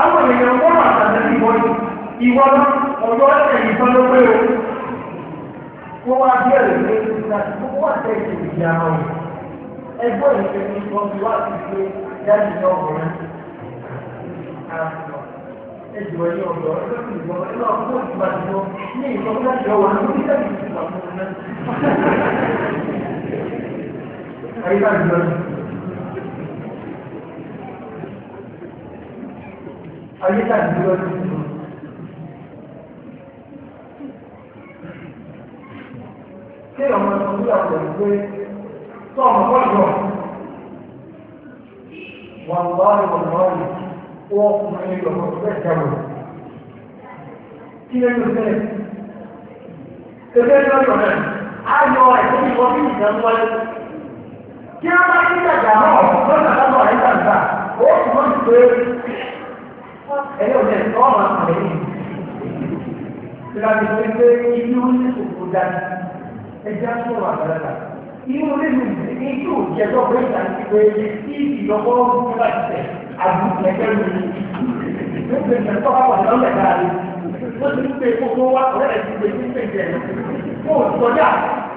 Àwọn èèyàn wọ́n wà tàbí ìwọ ìwọ ọ̀dọ́ ẹ̀yìn tán ló pé o. Wọ́n wá bí ẹ̀rẹ̀ pé ìgbàgbọ́ wà tẹ̀ ètò ìyá wọn. Ẹgbẹ́ ìfẹ́ ní wọ́n fi wá sí pé dájú ní ọ̀gbọ̀n. Ẹjọ́ ẹ̀yìn ọ̀dọ́ ẹgbẹ́ ìgbọ́ ẹgbẹ́ ọ̀gbọ́n ìgbàgbọ́ ní ìgbọ́ ẹ̀yíká ìjọ ẹ̀yíká ìjọ kí ọmọ ìṣòwò àti ìgbé tó ọmọ pọ̀jọ wọn bá ìwọ̀n lọ́rùn wọ́n fún ẹni lọ́wọ́ fẹ́ jẹun kí lẹ́yìn òfin ẹgbẹ́ lọ́yọ̀ rẹ̀ á yọ ẹ̀kọ́ ìwọ́n bí ìdánwáyé tí a bá ní dàgbà náà lọ́nà àbábọ̀ rẹ̀ dàgbà ó sì mọ́ sí pé ẹ̀yẹ́ òjẹ̀ tó ọ̀rọ̀ àpàlẹ́ yìí ìlànà ìpè pé ìlú ní kòkó dání ẹjẹ́ sọ̀rọ̀ àgbàlagbà inú nínú ìdíjú òjẹ́jọ́ pé ìlànà ìpè tí ìlọ́gbọ́ nípa ìtẹ̀ àbùkù ẹgbẹ́ mi ló ń pè ní ẹ̀kọ́ àwọn ọ̀dọ́ lẹ́gbàá rẹ̀ ó ti ń pè kókó wá ọ̀rẹ́ rẹ̀ ti pè ní pèjẹ́ rẹ̀ kó o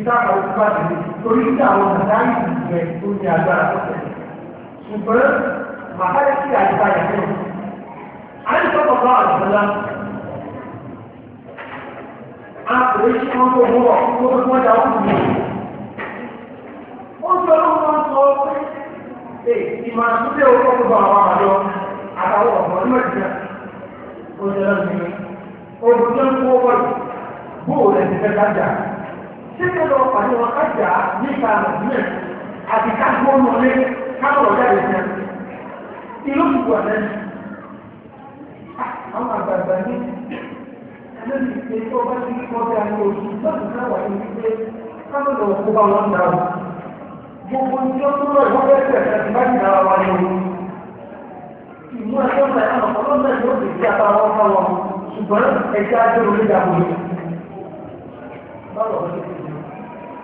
ìdáàbò ìpàdé torí tí àwọn àdáyé ìgbẹ́ tó ní agbára tó tẹ̀lé ṣùgbọ́n màá yẹ kí àyíká yẹn lọ. àyè sọ́kọ̀ bá àlùfẹ́lá a kò lè ṣe wọn tó mú ọ tó fi wọ́n dáwọ́ fún mi. ó sọ ló wọn sọ pé ìmọ̀ àtúndé owó tó bá àwọn àjọ àtàwọn ọ̀pọ̀ ní mẹ́tìrì ó ṣe lọ́sìn mi. olùdókòwò bọ́ọ̀lù bóòlù ẹ̀ ti fẹ́ kájà tí kò lọ pàdé wọn kájà nípa àdúgbò àti káàkó ọmọlé káàkó jáde ní ìlú ìlú àlẹ́nu. Ah, àwọn àgbààgbà ní ẹlẹ́ni ìpè tó bá ti kọ́ bí ayé oṣù lọ́sùn náà wà ní wípé káàkó lọ kó bá wọn dà ó. gbogbo ní ọdún náà wọ́n fẹ́ tẹ̀ ẹ̀ bá ti dára wa ní o. ìmú ẹjọ́ náà àwọn ọlọ́mọ ẹ̀jọ́ ti di àtàwọn ọmọ wọn ṣùgbọ́n ẹ̀jẹ̀ ajé orí dàbò. báwo ni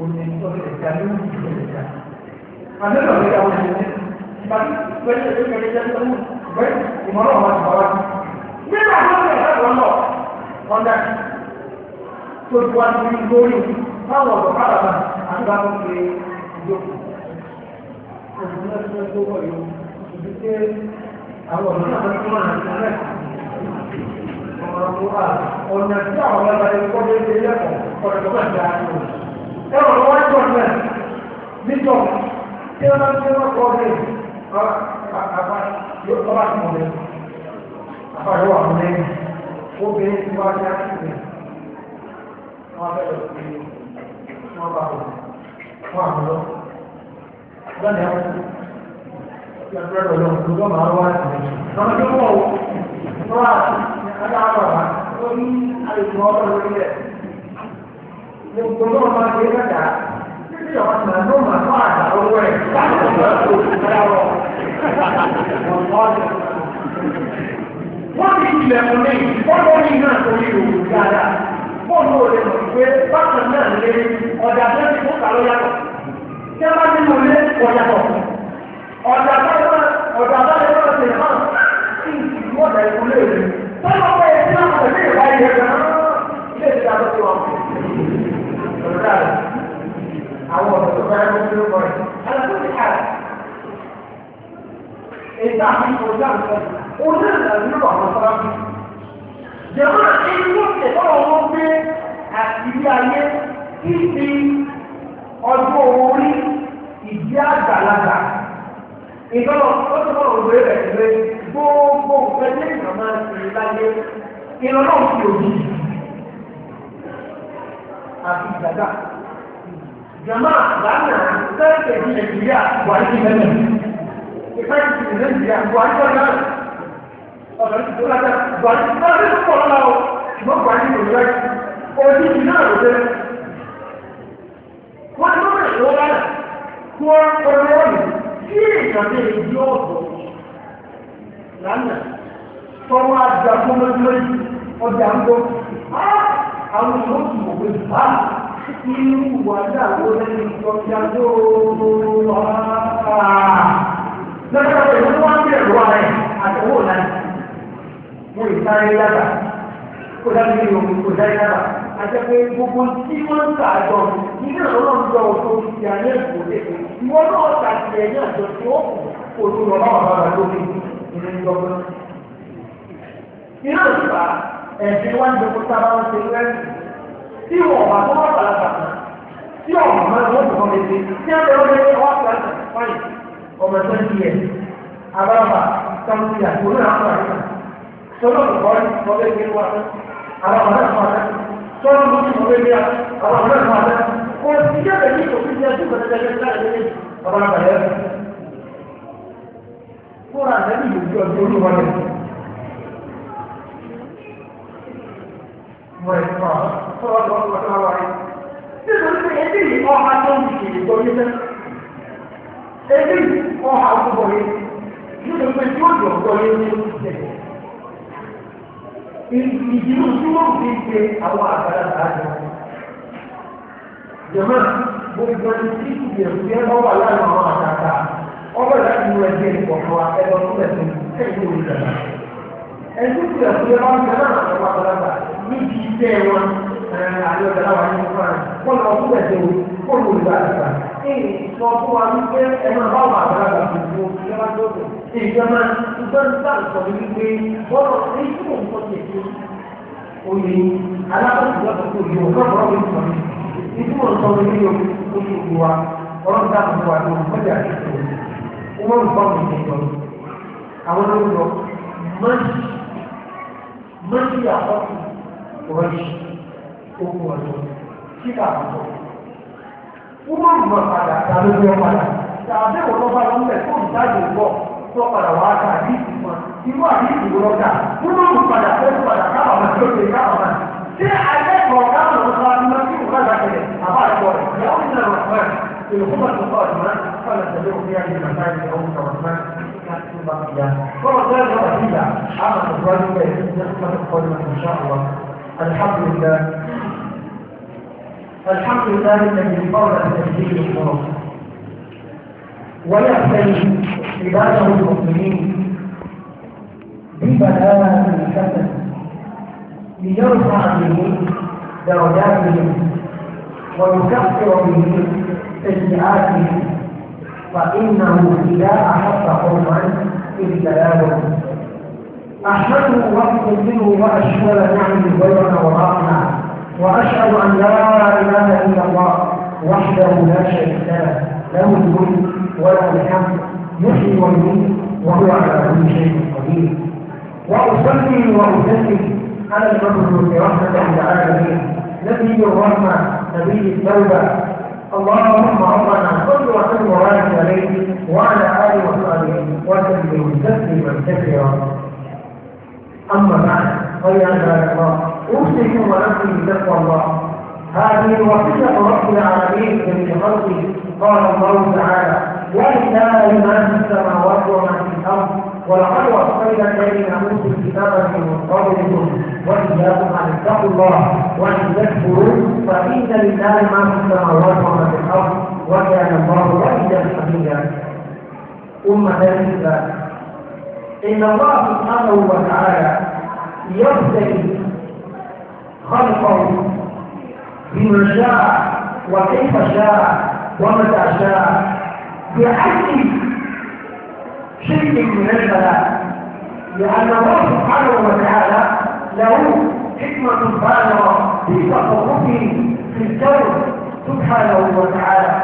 òní tó lè dá lóhùn tó lè dá. Àdébà lórí àwọn ẹ̀yẹ́ ìgbà tí wọ́n ṣe kékeré jẹ́ sọ́mù ìgbẹ́ ìmọ̀ràn wọn ti bọ́lá. Nígbà tó ń bẹ̀rẹ̀ lọ́wọ́ lọ, ọ̀dà tó ti wá sí lórí báwọn ọ̀dọ̀ bá bàbá àti bá wọn ṣe ìjókòó. Òṣìṣẹ́ náà ti tó wọ̀ yó. Òṣìṣẹ́ àwọn ọ̀dọ́ náà ti wọ́n àti ọ̀rẹ́ ọ̀nà tí àwọn ọ̀dọ́ bá yẹ kọ́ ẹ̀rọ wọn jọ náà nítọ̀ tí wọ́n ti wọ́n kọ́ ọ́ lẹ́yìn àbá yóò tọ́ bá tìmọ̀ lẹ́yìn àbá yóò wà mọ́ lẹ́yìn obìnrin tí wọ́n ti á sí rẹ̀ wọ́n fẹ́ lọ sí wọ́n bá wọ̀ wọ́n àmọ́ lọ lọ́nà ẹ̀wọ̀n tí wọ́n fẹ́ lọ lọ kó lọ́ máa wá sí rẹ̀ lọ́nà tó wọ̀ wọ́n wá sí ní wọ́n ti ilẹ̀ mú ní bọ́ọ̀lù yìí náà torí òwò dáadáa bọ́ọ̀lù òde mọ̀ pé bákan náà lé ọjà tó ti kó kàló yàtọ̀ tí a bá ti mọ̀ lé ọjà tọ̀ ọjà bá yẹ bá yẹ kó ọjà tẹ̀ náà sí ìwọ́dà وبيعمل كل الضرائب على كل حال التعقيد والدعم قلنا الأجنبة على الصراحة جماعة الوقت طبعا ممكن àtìrí ayé títí ọjọ́ orí ìdí àgbàlagbà ìgbọ́nà lọ́sọ̀rọ̀ òwe rẹ̀ pé gbogbo nǹkan tí èèyàn máa ń ṣe láyé ìrọ̀lọ́ fi òbí àti ìgbàgbà jàmáà lánàá sẹ́ẹ̀kẹ̀ ní nàìjíríà buhari ti lẹ́nu ìfẹ́yì ti ní nàìjíríà buhari tó náà ọ̀nà ìdìbò lájà buhari tó náà lẹ́nu pọ̀ lọ́la o ṣùgbọ́n buhari kò lọ́la ojú ti náà lò lẹ́nu wọ́n ti wọ́n rẹ̀ lọ́wọ́ lánàá kí wọ́n kọ́ni wọ́n lò kí ìkànnì ìdí ọ̀bọ̀ lánàá tọ́wọ́ àjàgbọ́n lójú irú wàdà tó lẹ́nu ìjọba tó wà á. Lọ́jọ́ pé wọ́n wá bẹ̀rẹ̀ lọ́wọ́ rẹ̀ àtẹ̀wò náà. Mo lè sáré lábà. Kó dábí ní omi kò sáré lábà. Àti pé gbogbo tí wọ́n ń ta àjọ nínú ọ̀rọ̀ ń lọ òkú ti àlẹ́ ìkó lẹ́kọ̀ọ́. ṣe rẹ́ẹ̀sì tí wọn bá tó wà pàlàpà tí wọn bá máa wọn kọ́ tí wọn bẹ wọn bẹ wọn fáyì ọmọ tó ń yẹ abáfà sàmùtì àti òun náà wà nípa sọlọ kọkọ wọn gbé wa àwọn ọmọ náà wà náà sọlọ kọkọ wọn bẹ gbé wa àwọn ọmọ náà wà náà kò sí jáde ní òfin ní ẹjọ́ kọtẹ jẹjẹ ní àyè ọmọ náà wà náà kóra àtẹ́bí yòókù ọdún olúwa náà. wọ ẹ̀fọ́ sọ́wọ́ tó ń pọ̀tọ́ wọ ẹ̀. Nítorí pé ẹbí yìí ọha tó ń kìkì ìgbọ́ yé fẹ́. Ẹbí yìí ọha gbọ́ yé. Nítorí pé tí ó dùn ọ̀gbọ́ yé ní ìjẹ́. Ìdìbò tí wọ́n fi ṣe àwọn àgbàlagbà jọ. Jọ̀mọ́ gbogbo ẹni tí ìgbìyànjú yẹn bá wà láàrin àwọn àtàkà ọgbà láti mú ìgbìyànjú níbi iṣẹ́ wọn àlọ́ ìdáwà ní france wọ́n lọ fún ẹ̀jẹ̀ o kó ló lè bá àgbà èyí sọ fún wa wípé ẹ máa bá wà àgbà àgbà tuntun ìjọba tó tó ìjọba ìjọba ń bá ìsọ̀ mi wípé wọ́n lọ sí ìṣòro nǹkan tètè oyè alábòsíwá tó tó yìí wọ́n lọ́wọ́ mi sọ mi ìṣòro nǹkan mi yóò tó tó tó wa ọlọ́run dá àwọn wa tó wọ́n jà tó tó wọ́n lọ́ mi ní ìjọ àwọn ló ń lọ mọ́ni mọ́ni àkọ́kù kùrọ́ṣì ogun ọ̀dọ́ kíkà àbọ̀. wọ́n máa ń gbọ́n padà tàbí ọjọ́ padà tàbí ọ̀dọ́ bá lọ sílẹ̀ tó ń jáde bọ̀ tó padà wá ká àdìsí wọn irú àdìsí wọn ká wọ́n máa ń padà tó ń padà káwọn máa tó ṣe káwọn máa ṣé akẹ́kọ̀ọ́ káwọn ọ̀dọ́ bá ti máa kí wọ́n bá tẹ̀lé àbá àjọ rẹ̀ ìyàwó ìṣẹ̀lẹ̀ rẹ̀ الحكومة القائمة قال تبعوا فيها في المساجد أو التوسمات كانت تبقى فيها. فرض ذلك أكيد عمل الحمد لله الحمد لله الذي قرر التسجيل الخرج ويعتني عباده المؤمنين ببلاء الحسن ليرفع به درجاتهم ويكفر به سيئاتهم فإنه إذا أحب قوما ابتلاهم أحمده منه وأشهد نعمه غيرنا وراءنا وأشهد أن لا إله إلا الله وحده لا شريك له له الملك وله الحمد يحيي ويميت وهو على كل شيء قدير وأصلي وأسلم على المبعوث رحمة العالمين نبي الرحمة نبي التوبة اللهم ربنا صل وسلم وبارك عليه وعلى آله وصحبه وسلم تسليما كثيرا أما بعد فيا عباد الله أوصيكم ونفسي بتقوى الله هذه وصية رب العالمين من خلقه قال الله تعالى ولله ما في السماوات وما في الأرض ولقد وصينا الذين أوتوا الكتاب من قبلكم وإياكم أن اتقوا الله وأن تكفروا فإن لله ما في السماوات وما في الأرض وكان الله وحيدا حميدا أمة الإسلام إن الله سبحانه وتعالى يبتلي خلقه بما شاء وكيف شاء ومتى شاء بأي شيء من البلاء لأن الله سبحانه وتعالى له حكمة بالغة في تصرفه في الكون سبحانه وتعالى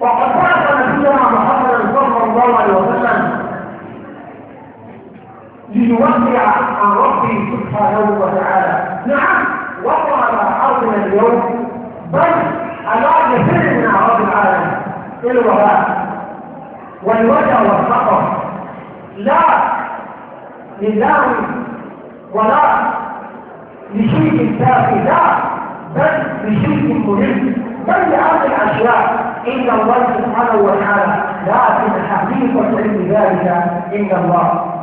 وقد بعث نبينا محمدا صلى الله عليه وسلم ليوقع عن ربي سبحانه وتعالى نعم وقع على اليوم بل على كثير من اعراض العالم الوباء والوجع والفقر لا لله ولا لشيء تافه لا بل لشيء مهم بل لعرض الاشياء ان الله سبحانه وتعالى لكن حقيقه لذلك ذلك ان الله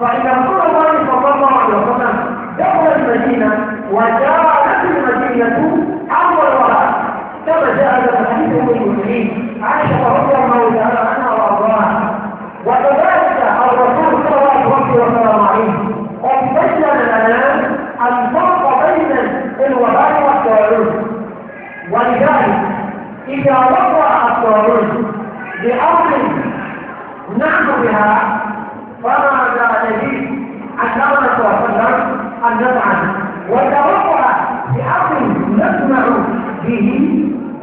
فإذا رسول الله صلى الله عليه وسلم دخل المدينة وجاءت المدينة أولها كما جاء ذلك حديث أم المؤمنين عائشة رضي الله تعالى عنها وأرضاها وكذلك الرسول صلى الله عليه وسلم عليه قد بين لنا الفرق بين الوباء والطاعون ولذلك إذا وقع الطاعون بأمر نعم بها فما أخبرنا صلى أن نفعل وتوقع بأمر نسمع به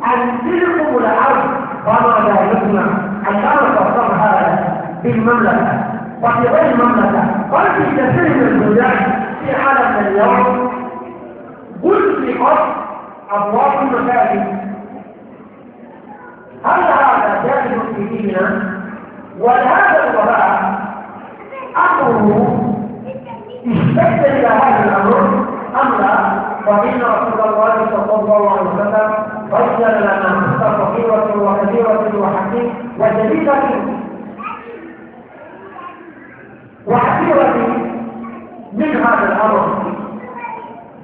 أن تلكم الأرض فما لا يسمع أخبرنا صلى هذا في المملكة وفي غير المملكة وفي كثير من البلدان في حالة اليوم غلقت أبواب المساجد هل هذا داخل في ديننا وهذا الوباء أمره فاحتج هذا الامر اما فان رسول الله صلى الله عليه وسلم بين لنا قصه فقيره وكبيره وحكيم وشريفه وحكيمه من هذا الامر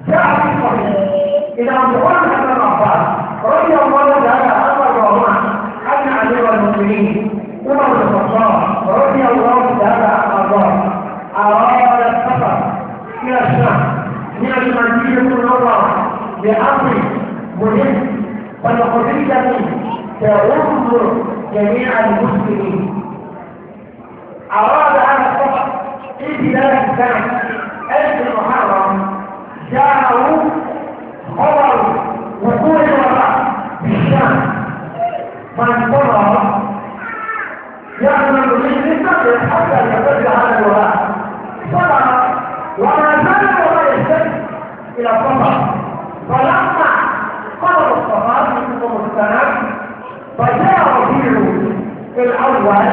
جاء في الصحيح الى ان يقول ابن عباس رضي الله تعالى عنه ان امير المؤمنين عمر بن الخطاب رضي الله تعالى عنه اراد سياسة نعم مدينة النظر بأمر مهم والقضية تغم جميع المسلمين أراد هذا الخطأ في بلاد الشام ألف المحرم جاءوا خبر وقوع الوضع بالشام فانتظر يعمل من حتى يفجع هذا الوضع والسلام فجاء ربيع الأول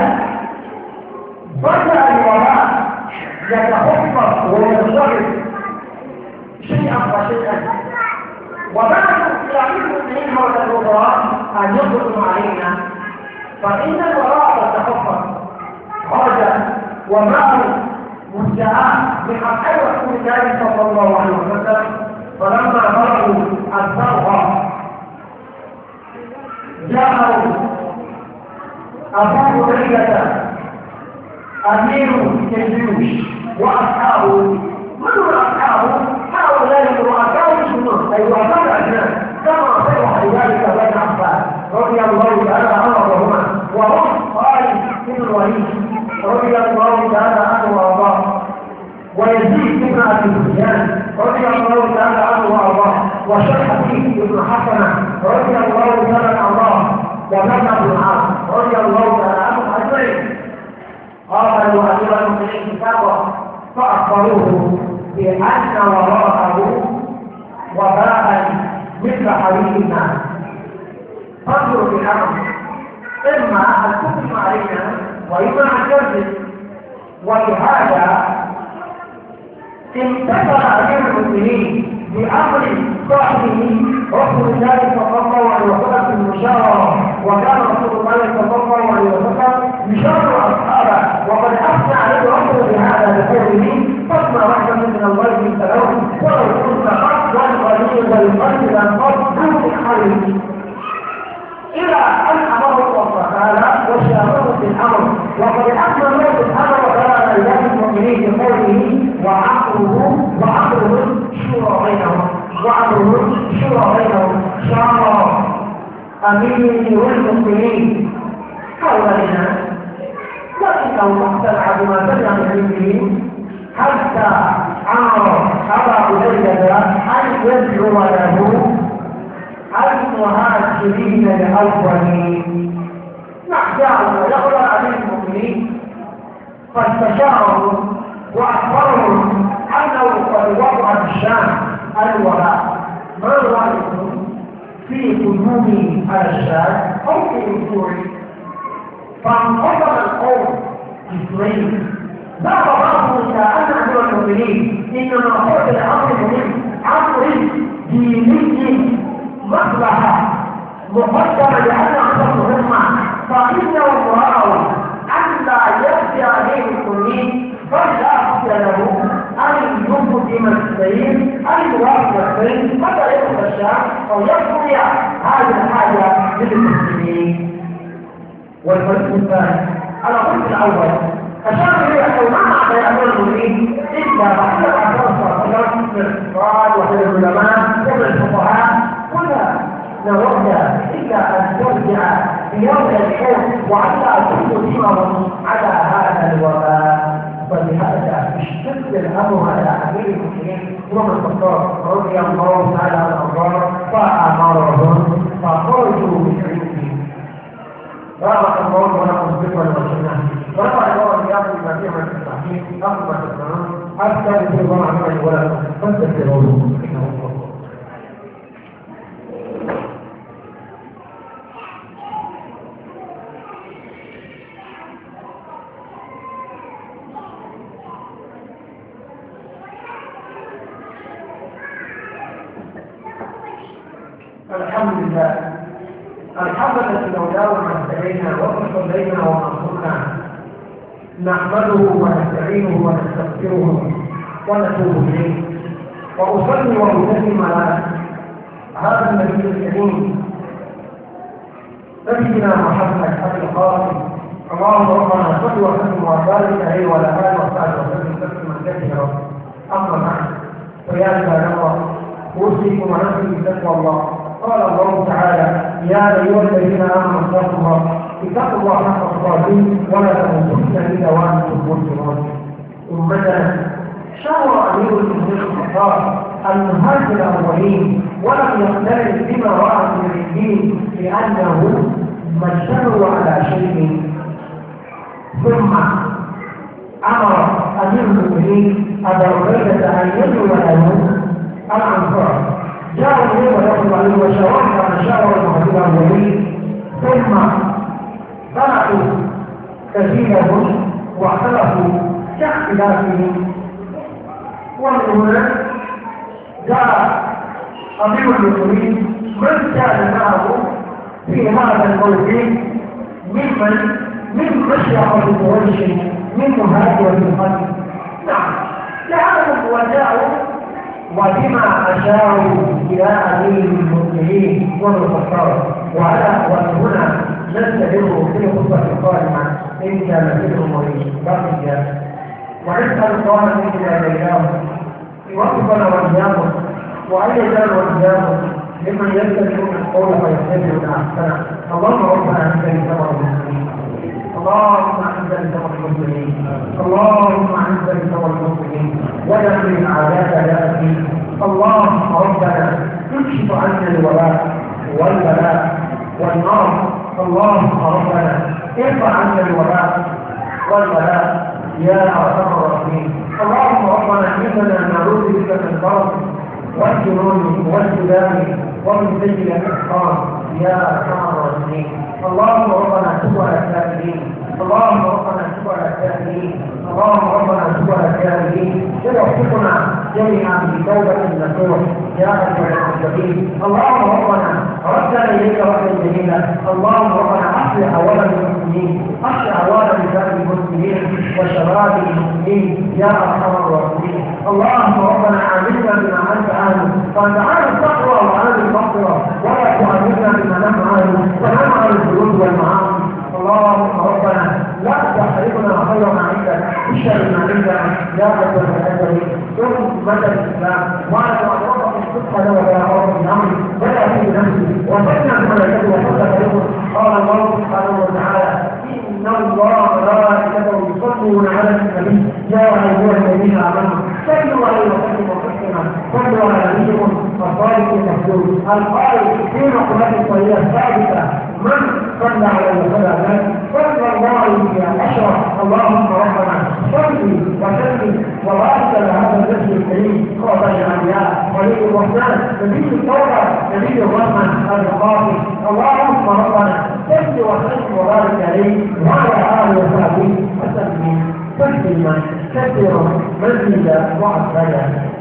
بدأ الوباء يتخطف وينشرف شيئا فشيئا وبعد إسرائيل من ولا الوراء أن يقدم علينا فإن الوراء تتخطف خرج ومعه منتهى بحق رسول الله صلى الله عليه وسلم فلما مروا الثروة أبو هريرة أمير الجيوش وأصحابه من أصحابه؟ هؤلاء الرؤساء الجنود أي رؤساء الناس كما صرح ذلك بين عباس رضي الله تعالى عنهما وهما وهم خالد بن الوليد رضي الله تعالى عنه وأرضاه ويزيد بن أبي سفيان رضي الله تعالى عنه وأرضاه وشيخ فيه ابن حسنة رضي الله لأن وراءه وباء مثل حريم الناس فانظروا في الأمر إما أن تقسم علينا وإما أن تكذب ولهذا انتشر أمير المسلمين بأمر صاحبه رسول الله صلى الله عليه وسلم في المشارة وكان رسول الله صلى الله عليه وسلم يشار أصحابه وقد أثنى عليه رسول بهذا بقوله رحمة من الله فلهم ولو كنت حقا قليل القلب لانفضوا حريم إلى أن أمر الله تعالى وشاوره في الأمر وقد أمر الله في الأمر وكان الله المؤمنين بقوله وعقله وعقله شورى بينهم وعقله شورى بينهم شرى أمير والمؤمنين قال لنا لكنهم اختلعوا ما بين المؤمنين حتى أمر أبا قتيبة أن يدعو له المهاجرين الأولين نحن نعم، لولا أمير المؤمنين فاستشاروا وأخبرهم أنه قد وضع الشام الوراء ما رأيكم في قدوم الشام أو في وجوه فانقسم القوم اثنين بعض بعضهم سألنا عن المؤمنين إن المقصود الأمر مهم أمر ديني مصلحة مقدمة لأن أمر مهمة فإنه رأوا أن لا يخفي عليه المؤمنين بل لا له أن يقدم السبيل أن يوافق السبيل متى يقف أو يقضي هذه الحاجة للمسلمين والفريق الثاني الأمر الأول الشرع يحصل ما يأمر المدين إلا بعد أن صلى من قال وحد العلماء ومن الفقهاء ولا نرد إلا أن ترجع في يوم الحج كل مرض على هذا الوباء ولهذا اشتد الأمر على أمير المؤمنين رضي الله تعالى عن الله فأمرهم فخرجوا من بارك الله لكم بالذكر والجنة ونفع الله إياكم بما فيه من التعليم أما تسمعون حتى يصير الله عملا ولكم فاستغفروه إنه هو علينا واصلح بيننا وانفسنا نحمده ونستعينه ونستغفره ونتوب اليه واصلي واسلم على هذا النبي الكريم نبينا محمد ابي القاسم اللهم ربنا صل وسلم وبارك عليه وعلى اله وصحبه وسلم تسليما كثيرا اما بعد فيا عباد الله اوصيكم ونفسي بتقوى الله قال الله تعالى يا ايها الذين امنوا اتقوا الله اتقوا الله حق تقاته ولا تموتن الا وانتم مسلمون امتنا شرع امير المؤمنين الخطاب أن المهاجر الاولين ولم يختلف بما راى من الدين لانه مجتمع على شيء ثم امر امير المؤمنين ابا عبيده ان يدعو له الانصار جاءوا اليوم ويقضوا عليه وشواهد ما شاوروا المغلوب الوليد ثم بعثوا كثيرهم واعترفوا كاختلافهم ومن هنا جاء امير المسلمين من كان معه في هذا الموضع ممن من مشرق قريش من مهاجر القلب نعم لعلهم وجاءوا وبما أشاروا إلى أمير المسلمين والكفار وعلى وهنا نستمر في الخطبة القادمة إن كان مريض بقي ونسأل الله منا بينهم يوفقنا وإياكم وأن يجعل لمن ممن يتبعون القول فيتبعون أحسنه اللهم ربنا أنت الجمر المسلمين اللهم أنت الجمر المسلمين اللهم أنت الجمر المسلمين ودخل العادات الوباء والبلاء والنار اللهم ربنا ارفع عنا الوباء والبلاء يا ارحم الراحمين اللهم ربنا اننا نعوذ بك من الضرب والجنون والجبال ومن سجن الاحصان يا ارحم الراحمين اللهم ربنا تب على الكافرين اللهم ربنا تب على الكافرين اللهم ربنا تب على الكافرين يا ربنا جميعا بتوبة نصوح يا أكبر المستقيم اللهم ربنا ردنا إليك رحمة جميلة اللهم ربنا أصلح أولا المسلمين أصلح أولا نساء المسلمين وشباب المسلمين يا أرحم الراحمين اللهم ربنا عاملنا بما أنت أهله فأنت عالم التقوى وعالم المغفرة ولا تعاملنا بما نفعله ونفعل الذنوب والمعاصي اللهم ربنا لا تحرمنا خير ما عندك الشر ما عندك لا تكن تدري ثم مدى الاسلام وانا اعترف الصدق له يا رب الامر ولا في نفسي وسلم ملكته وصدق له قال الله سبحانه وتعالى ان الله ملائكته يصلون على النبي يا ايها الذين امنوا صلوا عليه وسلموا تسليما صلوا على نبيكم الصالح المحدود القائل في مقولات الطريقه الثابته من صلى عليه وسلم الله أشرف اللهم ربنا صلي وسلم وبارك على هذا النبي الكريم قرب الأنبياء ولي الرحمن نبي التوبة نبي الرحمن القاضي اللهم ربنا صل وسلم وبارك عليه وعلى آله وصحبه وسلم تسليما كثيرا مزيدا وعسى